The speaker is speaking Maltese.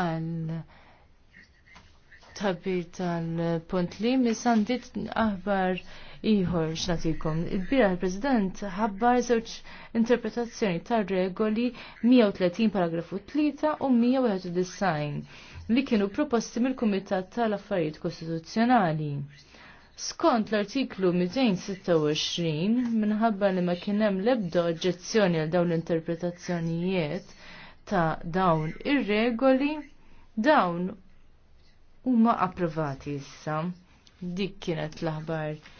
għal tabir tal-punt li misandit aħbar iħor xnatikom. Il-bira l-President ħabbar zewċ interpretazzjoni tar regoli 130 paragrafu 3 u design li kienu proposti mill-Kumitat tal-Affarijiet Kostituzzjonali. Skont l-artiklu 226 minħabba li ma kienem lebda oġġezzjoni għal dawn l-interpretazzjonijiet, ta' dawn ir-regoli dawn huma approvati issa. Dik kienet l-aħbar